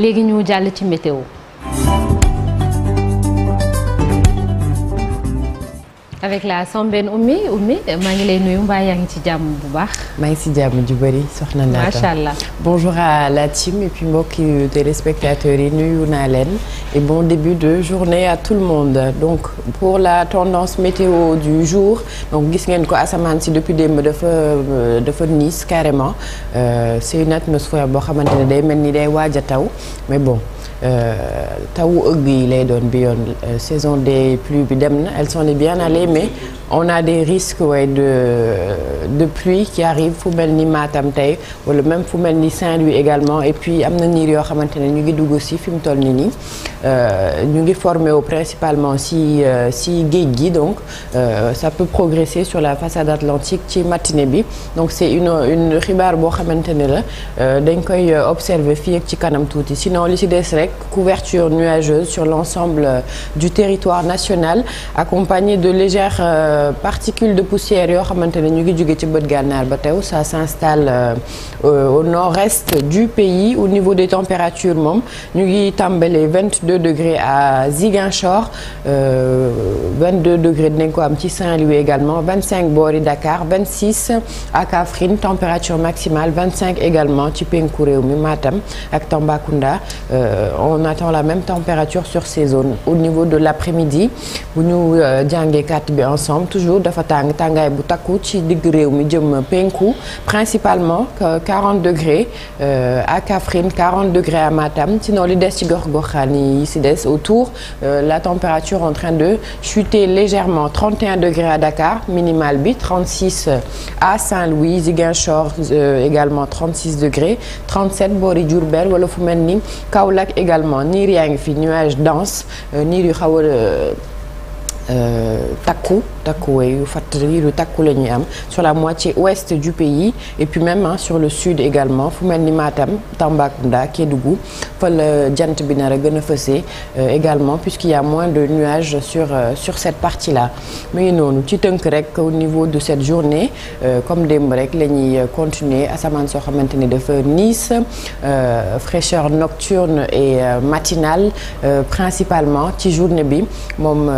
léegi ñu jàll ci météo avec la Sambène Oumy Oumy maa ngi lay nuyu mbaa yaa ngi ci jàmm bu baax. maa ngi ci jàmm ju bari soxna Naata macha allah. bonjour à la team et puis mbokki téléspectateurs yi nuyu naa leen et bon début de journée à tout le monde donc pour la tendance météo du jour donc gis ngeen ko asamaan si depuis démb dafa euh, dafa niis carrément euh, c'est une atmosphère boo xamante ne day mel ni day waaj a taw mais bon. Euh, tawu ëgg yi lay doon bi yoon euh, saison des pluies bi dem na elles sont les bien allées mais on a des risques ouais, de de pluie qui arrive fu mel ni Matam tey wala même fu mel ni Saint-Louis également et puis am na niir yoo xamante ne ñu ngi dugg si fi mu toll ni nii euh, ñu ngi formé wu principalement si euh, si géej gi donc euh, ça peut progresser sur la façade atlantique ci matinée bi donc c'est une une xibaar boo xamante ne la euh, dañ koy observer fii ak ci kanam tuuti sinon li si des rek couverture nuageuse sur l'ensemble du territoire national accompagnée de légères Euh, particules de poussière yoo xamante ne ñu ngi jóge ci bët gànnaar ba tew ça s'installe euh, au nord-est du pays au niveau des températures moom ñu ngi tàmbale 22 degrés à Ziguinchor 22 euh, degrés dinañ ko am ci Saint-Louis également 25 boori Dakar 26 à Kaffrine température maximale 25 également ci penku réew mi Matam ak Tambacounda on attend la même température sur ces zones au niveau de l'après-midi bu ñu jàngee carte bi ensemble toujours dafa tàng tàngaay bu takku ci digg réew mi jëm penku principalement 40 degrés euh, à Kaffrine 40 degrés à Matam sinon li des ci gox-goxaan yi si des autour euh, la température en train de chuter légèrement 31 degrés à Dakar minimal bi 36 à Saint-Louis Ziguinchor euh, également 36 degrés 37 boori Diourbel wala fu mel ni Kaolack également niir yaa ngi fi nuage dense niir yu xaw a Euh, takku takkuwee yu fàttali lu takku la ñuy am sur la moitié ouest du pays et puis même sur le sud également fu mel ni Matam Tambacounda Kédougou fa la jant bi nar a gën a fësee euh, également puisqu'il y a moins de nuages sur euh, sur cette partie là mu ngi noonu ci tënk rek au niveau de cette journée comme démb rek lañuy continuer asamaan soo xamante ni dafa nice euh, fraîcheur nocturne et matinal euh, principalement ci journée bi moom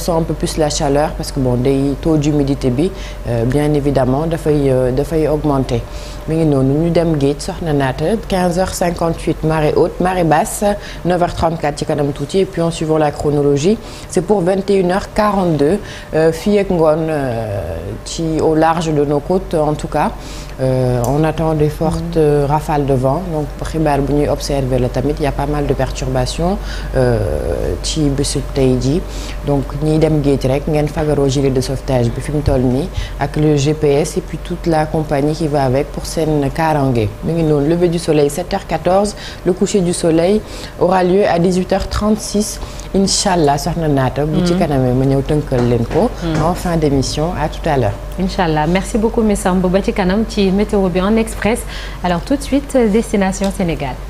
sent un peu plus la chaleur parce que bon day taux d'humidité bi euh, bien évidemment dafay euh, dafay augmenter mi ngi noonu ñu dem géej soxna naata 15h58 marée haute marée basse 9h34 ci kanam tuuti et puis en suivant la chronologie c'est pour 21h42 euh, fii ak ngoon ci au large de nos côtes en tout cas Euh, des fortes mm-hmm. euh, de vent donc xibaar bu ñuy observer la tamit y a pas mal ci euh, bésu tey ñiy dem géej rek ngen fagaroo gilet de sauvetage bi fi mu toll nii ak le GPS et toute la compagnie qui va avec pour seen kaaraange mu ngi noonu lever du soleil 7h14 le coucher du soleil aura lieu à 18h36 incha allah soxna naata. bu ci hmm. kanamee ma ñëw tënkal leen ko. Hmm. en fin d' émission à tout à l'heure incha allah merci beaucoup Miss Samb ba ci kanam ci météo bi en express alors tout de suite destination Sénégal.